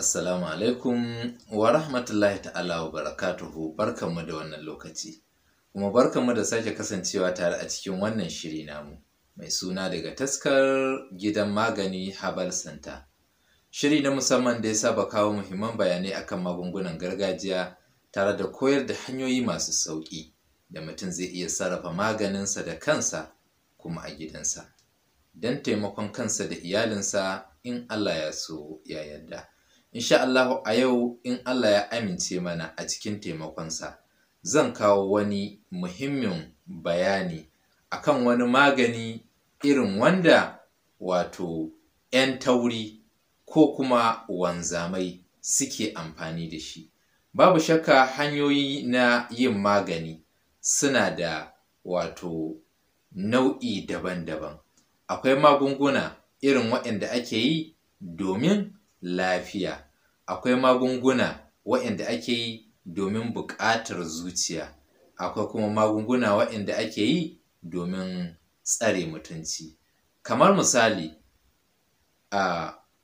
Assalamu alaikum wa rahmatullahi ta'ala wa barakatuhu barkanmu da wannan lokaci kuma barkanmu da sake kasancewa tare a cikin wannan shiri namu mai suna daga taskar gidan magani Habal Santa. Shiri na musamman da ya saba kawo muhimman bayanai akan magungunan gargajiya tare da koyar da hanyoyi masu sauƙi da mutum zai iya sarrafa maganinsa da kansa kuma a gidansa don taimakon kansa da iyalinsa in Allah ya so ya yarda. Insha Allah a yau in Allah ya amince mana a cikin taimakonsa zan kawo wani muhimmin bayani akan wani magani irin wanda wato 'yan tauri ko kuma wanzamai suke amfani da shi. Babu shakka hanyoyi na yin magani suna da wato nau'i daban-daban. Akwai magunguna irin waɗanda ake yi domin lafiya. Akwai magunguna waɗanda ake yi domin buƙatar zuciya. Akwai kuma magunguna waɗanda ake yi domin tsare mutunci. Kamar misali,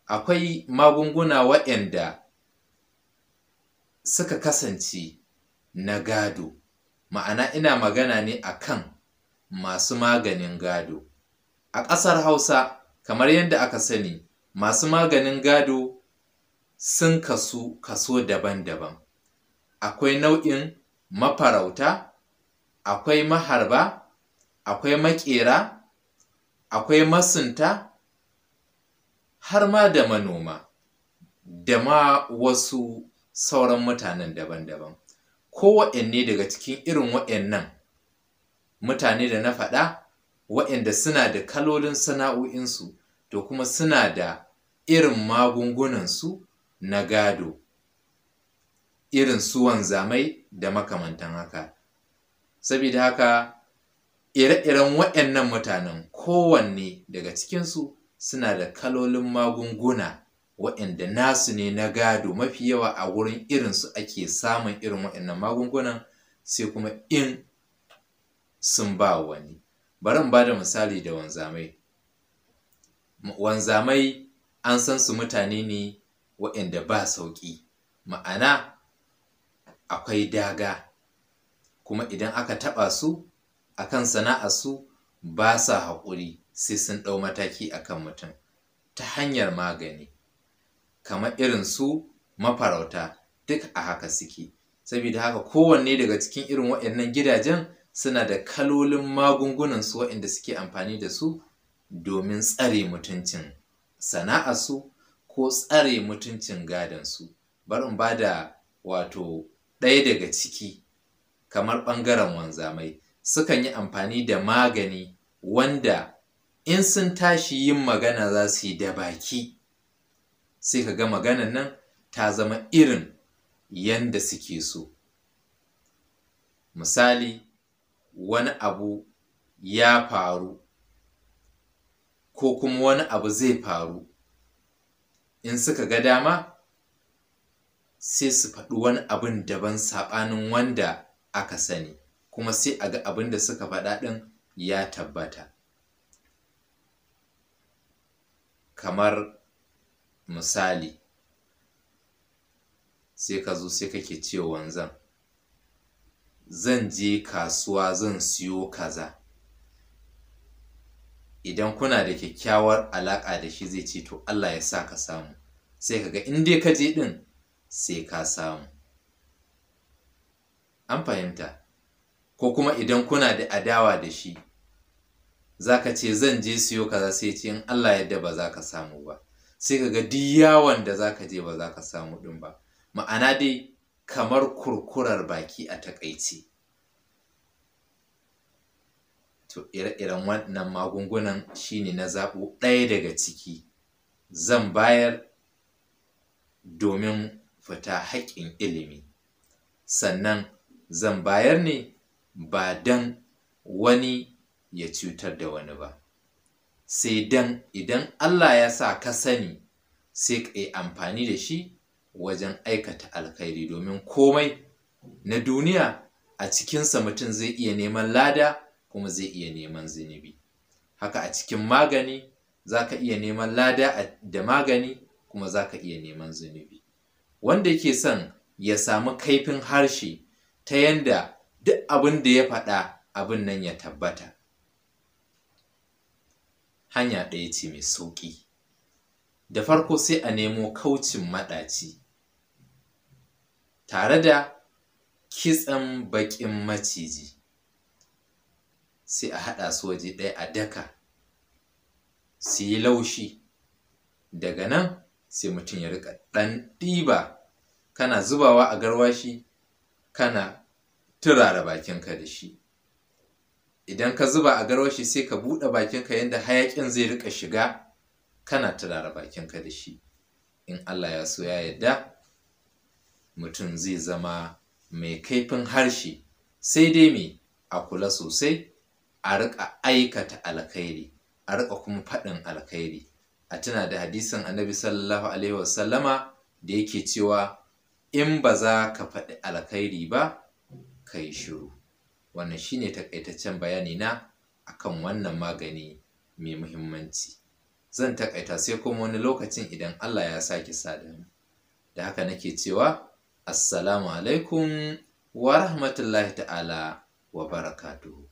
akwai magunguna waɗanda suka kasance na gado. Ma'ana ina magana ne a kan masu maganin gado. A ƙasar Hausa kamar yadda aka sani masu maganin gado sun kasu kaso daban-daban akwai nau'in mafarauta akwai maharba akwai maƙera akwai masunta har ma da manoma da ma wasu sauran mutanen daban-daban Ko kowaɗanne daga cikin irin waɗannan mutane da na faɗa waɗanda suna da kalolin sana'o'insu to kuma suna da irin magungunansu na gado, irin su wanzamai da makamantan haka. saboda haka, ire-iren waɗannan mutanen kowanne daga cikinsu suna da kalolin magunguna waɗanda nasu ne na gado mafi yawa a wurin irinsu ake samun irin waɗannan magungunan sai kuma in sun ba wani. Bari in ba da misali da wanzamai. Wanzamai an san su mutane ne waɗanda ba sauƙi ma'ana akwai daga kuma idan aka taɓa su akan sana'a su ba sa haƙuri sai sun ɗau mataki akan mutum ta hanyar magani kamar irin su mafarauta duk a haka suke saboda haka kowanne daga cikin irin waɗannan gidajen suna da kalolin magungunan su waɗanda suke amfani da su domin tsare mutuncin sana'arsu ko tsare mutuncin gadansu barin in ba da wato ɗaya daga ciki kamar ɓangaren wanzamai sukan yi amfani da magani wanda in sun tashi yin magana za su yi da baki sai ka ga maganan nan ta zama irin yanda suke so misali wani abu ya faru ko kuma wani abu zai faru in suka ga dama sai su faɗi wani abin daban saɓanin wanda aka sani kuma sai a ga abin da suka faɗa ɗin ya tabbata kamar misali sai ka zo sai kake ce wanzan zan je kasuwa zan siyo kaza idan kuna da kyakkyawar alaƙa da shi zai ce to Allah ya sa ka samu sai ka ga in ka je ɗin sai ka samu an fahimta ko kuma idan kuna da adawa da shi za ka ce zan je siyo kaza sai ce in Allah yadda ba za ka samu ba sai ka ga duk yawon da za ka je ba za ka samu ɗin ba ma'ana dai kamar kurkurar baki a taƙaice to ire-iren wannan magungunan shine na zaɓo ɗaya daga ciki zan bayar domin fita haƙƙin ilimi sannan zan bayar ne ba don wani ya cutar da wani ba sai dan idan Allah ya sa ka sani sai ka yi amfani da shi wajen aikata alkhairi domin komai na duniya a cikinsa mutum zai iya neman lada kuma zai iya neman zunubi haka a cikin magani za ka iya neman lada da magani kuma za ka iya neman zunubi wanda ke son ya samu kaifin harshe ta yanda duk abin da ya faɗa abin nan ya tabbata hanya ɗaya ce mai sauƙi da farko sai a nemo kaucin maɗaci tare da kitsan baƙin maciji sai a haɗa su waje ɗaya a daka su yi laushi daga nan sai mutum ya rika ɗan ɗiba kana zubawa a garwashi kana turara bakinka da shi idan ka zuba a garwashi sai ka buɗe bakinka yadda hayaƙin zai rika shiga kana turara bakinka da shi in Allah ya so ya yadda mutum zai zama mai kaifin harshe sai dai me a kula sosai a riƙa aikata alkhairi a riƙa kuma faɗin alkhairi a tuna da hadisin annabi sallallahu alaihi wasallama da yake cewa in ba za ka faɗi alkhairi ba ka yi shiru wannan shine taƙaitaccen bayani na akan wannan magani mai muhimmanci zan taƙaita sai kuma wani lokacin idan Allah ya sake sada da haka nake cewa assalamu alaikum wa rahmatullahi ta'ala wa barakatuhu